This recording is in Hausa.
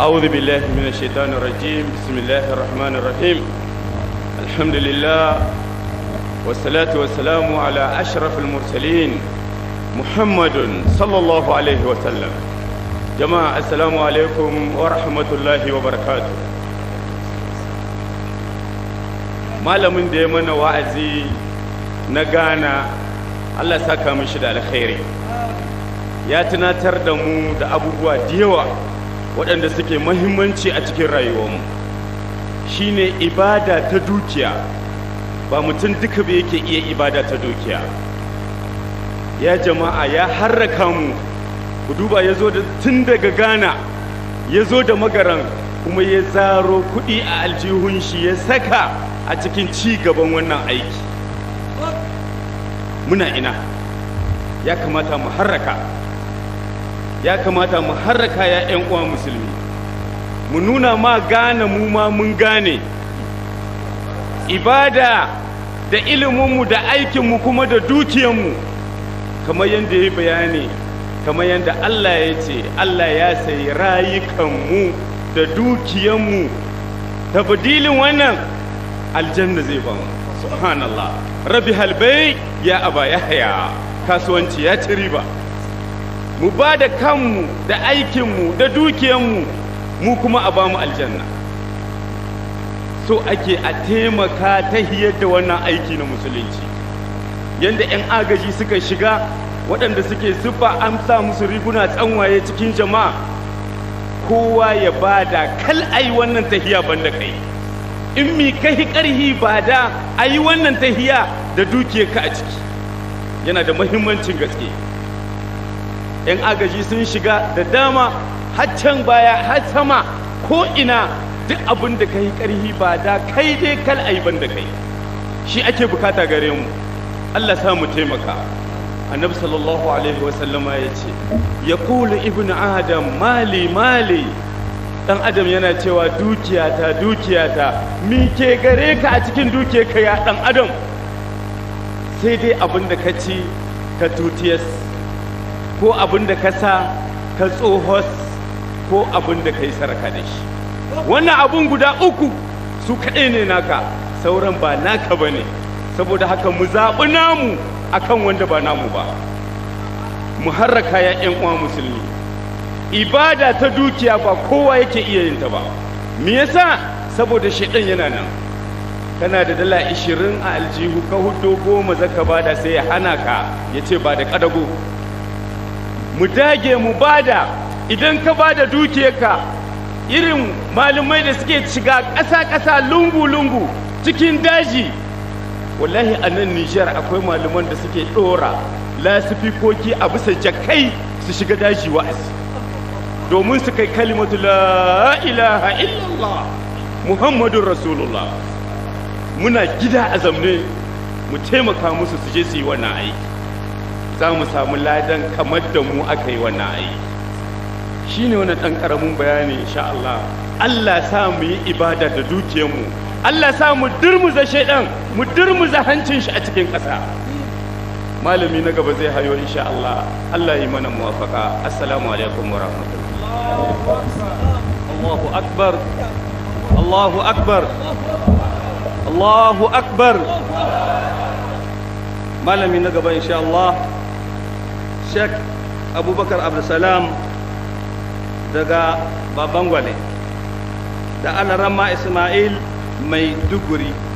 أعوذ بالله من الشيطان الرجيم بسم الله الرحمن الرحيم الحمد لله والصلاة والسلام على أشرف المرسلين محمد صلى الله عليه وسلم جماعة السلام عليكم ورحمة الله وبركاته ما لم ديمنا وعزي na ghana allah saka shi da alkhairi ya tunatar da mu da abubuwa da yawa waɗanda suke mahimmanci a cikin rayuwarmu shine ibada ta dukiya ba mutum duka ba yake iya ibada ta dukiya ya jama'a ya harraka mu ku duba ya zo da tun daga ghana ya zo da magaran kuma ya zaro kuɗi a aljihun shi ya saka a cikin ci gaban wannan aiki muna ina ya kamata mu harraka ya kamata mu harraka ya 'yan uwa musulmi mu nuna ma gane mu ma mun gane ibada da iliminmu da aikinmu kuma da dukiyanmu kamar yadda ya bayani kamar yadda Allah ya ce Allah ya sayi rayukanmu da dukiyanmu tabdilin wannan aljanna zai ba mu subhanallah rabi halbai ya aba haya kasuwanci ya ci riba mu ba da kanmu da aikinmu da dukiyanmu mu kuma a bamu aljanna so ake a taimaka ta hiyar da wannan aiki na musulunci yadda 'yan agaji suka shiga waɗanda suke siffa an musu riguna tsanwaye cikin jama'a kowa ya ba da kal'ai wannan tahiya banda kai in mi kai karhi ba da a yi wannan tahiya da ka a ciki yana da mahimmancin gaske yan agaji sun shiga da dama haccan baya har sama ko ina duk abin da kai karhi ba da kai dai kal a ban da kai shi ake bukata gare mu Allah sa mu taimaka annabi sallallahu alaihi wasallama ya ce ya kula ibnu adam mali mali Ɗan adam yana cewa dukiyata dukiyata mi ke gare ka a cikin dukiyarka ya dan adam sai dai abin da ka ci ka tutiyas ko abin da ka sa ka tsohos ko abin da ka yi saraka da shi wannan abin guda uku su kaɗai ne naka sauran ba naka ba ne saboda haka mu zaɓi namu akan wanda ba namu ba mu harraka ya 'yan musulmi ibada ta dukiya ba kowa yake iya yin ta ba me yasa saboda shedan yana nan kana da dala ishirin a aljihu ka hudo goma zaka bada sai ya hana ka ya ce ba da kadago mu dage mu bada idan ka bada dukiyarka irin malumai da suke shiga ƙasa-ƙasa lungu-lungu cikin daji wallahi a nan nijar akwai malaman da suke ɗora lasifikoki a bisa jakai su shiga daji wa'azi domin su kai kalimatu la ilaha illallah muhammadun rasulullah muna gida a zamne mu taimaka musu su je su yi wannan aiki za mu samu ladan kamar da mu aka yi wannan aiki shi ne wani ɗan ƙaramin bayani insha Allah Allah sa mu yi ibada da dukiyarmu Allah sa mu durmuza shaidan mu durmuza hancin shi a cikin ƙasa malami na gaba zai hayo insha Allah Allah yi mana muwafaka assalamu alaikum wa rahmatullahi الله أكبر الله أكبر الله أكبر ما لم ينقب إن شاء الله شك أبو بكر عبد السلام دقا بابانغولي دقال رمى إسماعيل ما يدقري